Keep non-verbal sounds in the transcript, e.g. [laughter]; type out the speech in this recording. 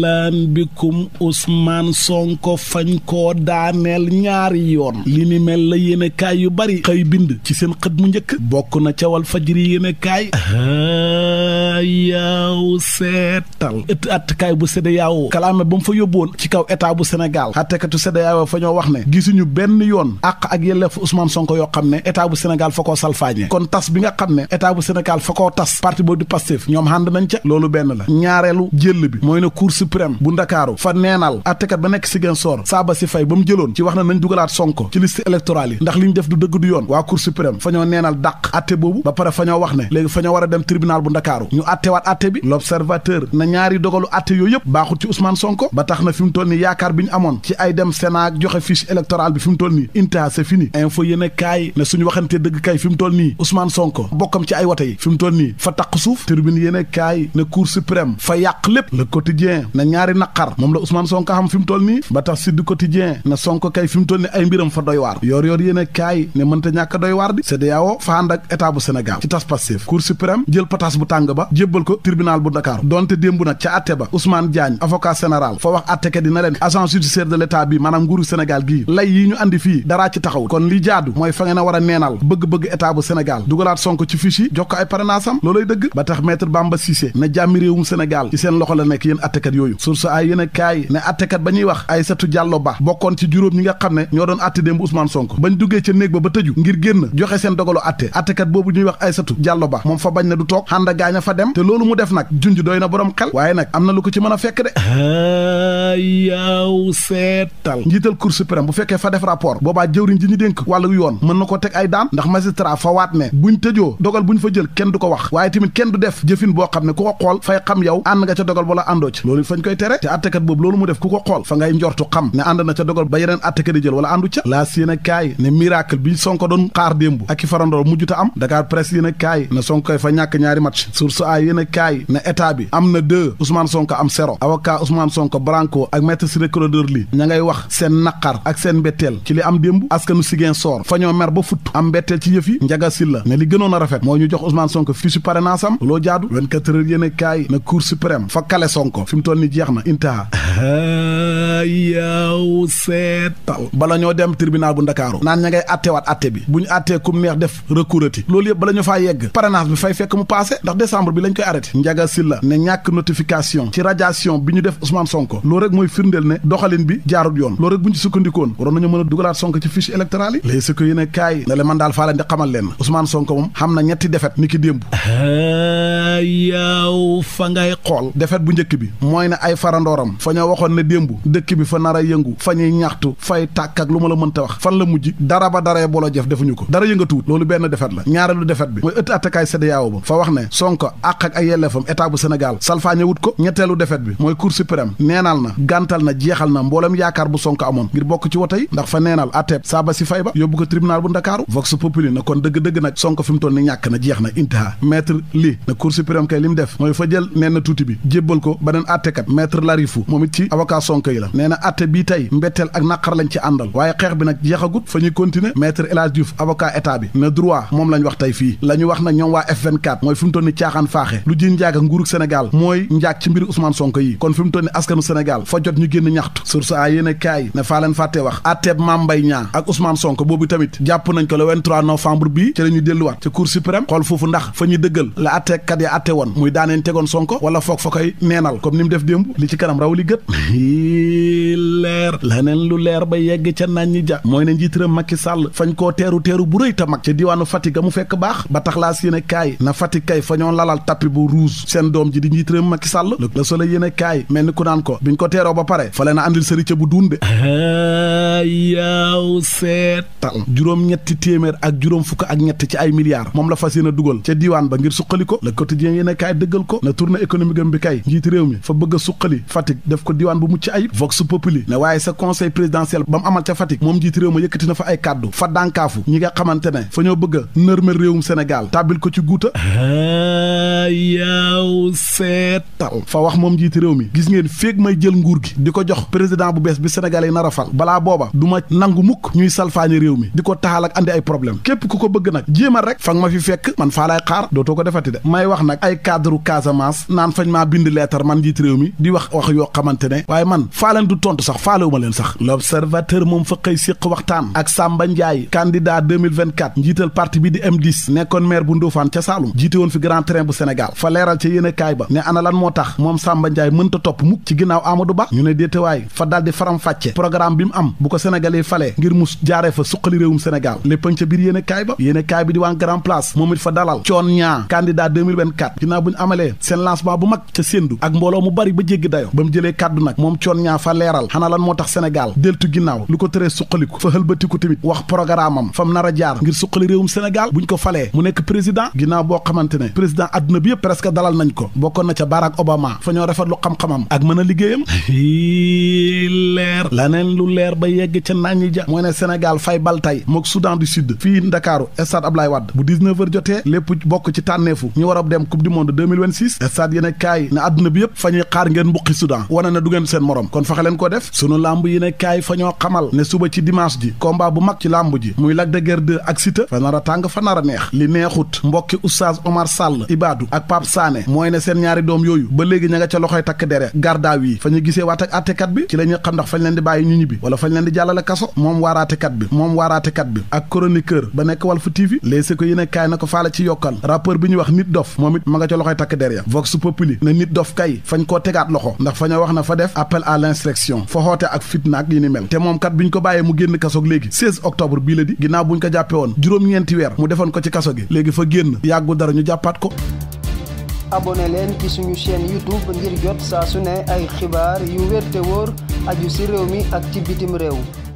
laan bikum Ousmane Sonko fañ koo daaneel ñaari yoon li ni mel la yéene kaay yu bari xëy bind ci seen xët mu njëkk bokk na cawal wal fajri yéene kaay yaaw seetal ëtt attkaay bu CEDEAO kalaame ba mu fa yóbboon ci kaw état bu Sénégal àttekatu CEDEAO fa ñoo wax ne gisuñu benn yoon aq ak yelleefu Ousmane Sonko yoo xam ne état bu Sénégal fa koo salfaañe kon tas bi nga xam ne état bu Sénégal fa koo tas parti boobu di Pastef ñoom ànd nañ ca loolu benn la ñaareelu suprême bu ndakaaru fa neenal attekat ba nekk Ziguinchor saaba si fay ba mu jëloon ci wax na nañ dugalaat sonko ci liste électorale yi ndax li ñu def du dëgg du yoon waa cour suprême fa ñoo neenal dàq atte boobu ba pare fa ñoo wax ne léegi fa ñoo war a dem tribunal bu ndakaaru ñu attewaat atte bi l'observateur na ñaari dogalu atte yooyu yëpp baaxul ci Ousmane Sonko ba tax na fi mu toll nii yaakaar bi ñu amoon ci ay dem Sénat joxe fiche électorale bi fi mu toll nii inta c'est fini info yéene kaay ne suñu waxante dëgg nii Ousmane Sonko bokkam ci ay wote yi fi mu toll nii fa taq suuf tribune yéene kaay fa yàq lépp le quotidien ne ñaari naqar moom la Ousmane Sonko xam fi mu toll nii ba tax Sud Quotidien ne Sonko kay fi mu toll ay mbiram fa doy waar yoor yoor yéen a kaay ne mënta ñàkk a doy waar di CEDEAO fa ànd ak état bu Sénégal ci tas passif Cour suprême jël pataas bu tàng ba jébbal ko tribunal bu Dakar donte démb nag ca atte ba Ousmane Diagne avocat général fa wax attekat dina leen agence judiciaire de bi maanaam nguuru Sénégal gii lay yi ñu andi fii daraa ci taxawul li jaadu mooy fa ngeen bëgg-bëgg état bu Sénégal dugalaat Sonko yooyu source ay yéen a kaay ne attekat ba ñuy wax Aïssatou Diallo Ba bokkoon ci juróom ñi nga xam ne ñoo doon atte démb Ousmane Sonko bañ duggee ca néeg ba ba tëju ngir génn joxe seen dogalu atte attekat boobu ñuy wax Aïssatou Diallo Ba moom fa bañ na du toog xanda a fa dem te loolu mu def nag junj doy na borom xel waaye nag am na lu ko ci mën a fekk de yaaw seetal njiital Cour suprême bu fekkee fa def rapport boobaa jëwriñ ji ñu dénk wàllu yoon mën na ko teg ay daan ndax magistrat fa waat ne buñ tëjoo dogal buñ fa jël kenn du ko wax waaye tamit kenn du def jëfin boo xam ne ko xool fay yow ànd nga ca dogal dañ koy tere te attekat boobu loolu mu def ku ko xool fa ngay njortu xam ne ànd na ca dogal ba yeneen attekat di jël wala àndu ca laas yéen a kaay ne miracle bi Sonko doon xaar démb ak i farandoor mujjuta am Dakar presse yéen a kaay ne Sonko koy fa ñàkk ñaari match source a yéen a kaay ne état bi am na deux Ousmane Sonko am zéro avocat Ousmane Sonko Branco ak maître Ciré Clédor Ly ña ngay wax seen naqar ak seen mbetteel ci li am démb askanu Ziguinchor fa ñoo mer ba futt am mbetteel ci yëf yi Ndiaga Sylla ne li gënoon a ñu jox Ousmane Sonko fiche parrainage am loo jaadu 24 heures mu toll jeex na intaha yaaw seetal bala ñoo dem tribunal bu ndakaaru naan ña ngay attewaat atte bi bu ñu attee kum neex def recourati loolu yëpp bala ñu faa yegg parrainage bi fay fekk mu passé ndax décembre bi lañ koy arrêté njaga silla ne ñàkk notification ci radiation bi ñu def Ousmane Sonko loolu rek mooy firndeel ne doxalin bi jaarut yoon loolu rek bu ñu ci sukkandikoon waroon nañu mën a dugalaat Sonko ci fiche électorale yi léegi su kaay ne la man daal faa leen di xamal leen Ousmane Sonko moom xam na ñetti defet xool defet bu njëkk bi mooy ay farandooram waxoon ne démb dëkk bi fa nar a yëngu fa ñuy ñaxtu fay tàkk ak lu ma la mënta wax fan la mujj dara ba daree booloo jëf defuñu ko dara yëngatuwut loolu benn defet la ñaareelu defet bi mooy ëtt attakaay CEDEAO ba fa wax ne Sonko àq ak ay yelleefam état bu Sénégal salfaañe wut ko ñetteelu defet bi mooy Cour suprême neenal na gàntal na jeexal na mboolem yaakaar bu Sonko amoon ngir bokk ci wote yi ndax fa neenal atteeb saaba si fay ba yóbbu ko tribunal bu Ndakaaru vox populi na kon dëgg-dëgg nag Sonko fi mu toll ni ñàkk na jeex na intaha maître li na Cour mooy fa jël nee na tuuti bi jébbal ko beneen attekat maître Larifou ci avocat Sonko yi la nee na atte bii tey mbetteel ak naqar lañ ci àndal waaye xeex bi nag jeexagut fa ñuy continuer maître El Hadj Diouf avocat état bi na droit moom lañu wax tey fii la ñu wax na ñoom waa F24 mooy fi mu toll ni caaxaan faaxe lu ji njaag ak nguurug Sénégal mooy njaag ci mbiri Ousmane Sonko yi kon fi mu toll ni askanu Sénégal fa jot ñu génn ñaxtu source a yéen kaay ne faa leen fàttee wax atteeb Mame Mbaye Niang ak Ousmane Sonko boobu tamit jàpp nañ ko le 23 novembre bii ci la ñuy delluwaat ci cour suprême xool foofu ndax fa ñuy dëggal la atteekat ya atte woon muy daaneen tegoon wala foog fa koy neenal ni mu def démb li ci kanam raw li gët leer laneen lu leer ba yegg ca naan ñi ja mooy ne njiitëram Macky sàll fañ koo teeru teeru bu rëy ta mag ca diiwaanu Fatick ga mu fekk baax ba tax laas yéen e kaay na Fatick kay fa lalal tappi bu rouge seen doom ji di njiitëram Macky Sall lëg la Soleil yéen e kaay mel ni ku naan ko biñ ko teeroo ba pare fa leen a andil sëri ca bu duun duunde yaaw seetal juróom ñetti téeméer ak juróom fukk ak ñett ci ay milliards moom la fas yéen a dugal ca diiwaan ba ngir suqali ko Le Quotidien yéen kaay dëggal ko na tournée économique am bi kay njiiti réew mi fa bëgg a suqali ko diwaan bu mucc ayib vox populi ne waaye sa conseil présidentiel ba amal ca Fatick moom jiiti réew ma yëkkati na fa ay kàddu fa dànkaafu ñi nga xamante ne fa ñoo bëgg a nërmel réewum Sénégal tàbbil ko ci guuta yaaw seetal fa wax moom jiiti réew mi gis ngeen féeg may jël nguur gi di ko jox président bu bees bi Sénégal yi nar a fal balaa booba du ma nangu mukk ñuy salfaañi réew mi di ko taxal ak andi ay problème képp ku ko bëgg nag jéemal rek fa ma fi fekk man faa laay xaar dootoo ko defati may wax nag ay cadre Casamance naan fañ maa bind leetar man jiiti réew mi di wax wax yoo xamante xamante waaye man faa leen du tontu sax faalewuma leen sax l'observateur moom fa xëy séq waxtaan ak Samba Ndiaye candidat 2024 njiital parti bi di M10 nekkoon maire bu Ndofane ca Saalum jiite woon fi Grand Train bu Sénégal fa leeral ca yéene kaay ba ne ana lan moo tax moom Samba Ndiaye mënta topp mukk ci ginnaaw Amadou Ba ñu ne déetewaay fa daal di faram-fàcce programme bi mu am bu ko Sénégal yi falee ngir mu jaaree fa suqali réewum Sénégal léppañ ca biir yéene kaay ba yéene kaay mu bari kàddu nag moom coon ñaa fa leeral xanaa lan moo tax Sénégal deltu ginnaaw lu ko tëree suqaliku fa xëlbatiku tamit wax programme fam nar a jaar ngir suqali réewum Sénégal buñ ko falee mu nekk président ginnaaw boo xamante ne président adduna bi yëpp presque dalal nañ ko bokkoon na ca Barack Obama fa ñoo rafetlu xam-xamam ak mën a liggéeyam [laughs] leer laneen lu leer ba yegg ca naññi ja mooy ne Sénégal fay bal mook Soudan du Sud fii Ndakaaru stade a dem coupe du monde 2026 ne du ngeen seen morom kon fexe leen ko def sunu làmb yi ne kaay fa ñoo xamal ne suba ci dimanche ji combat bu mag ci làmb ji muy Lac de Guiers 2 ak Siteu fa a tàng fa nar a neex li neexut mbokki oustaz Omar Sall Ibadu ak Pape Sané mooy ne seen ñaari doom yooyu ba léegi ña nga ca loxoy takk dere gardaaw yi fañu ñu gisee waat ak àttekat bi ci la ñu xam ndax fañ leen di bàyyi ñu ñibbi wala fañ leen di jàllale kaso moom waaraatekat bi moom waaraatekat bi ak chroniqueur ba nekk Walf TV léegi ko yéen kaay na ko faale ci yokkal rappeur bi ñuy wax nit dof moom it ma nga ca takk der ya vox populi ne nit fañ koo tegaat loxo ndax na fa def appel à l'insurrection fa xoote ak fitna ak yi ni mel te moom kat bi ko bàyyee mu génn kasoog léegi 16 octobre bii la di ginnaaw bu ñu ko jàppee woon juróom-ñeenti weer mu defoon ko ci kaso gi léegi fa génn yàggu dara ñu jàppaat ko abonné leen ci suñu chaîne youtube ngir jot saa su ne ay xibaar yu wér te wóor aju ci réew mi ak ci bitim réew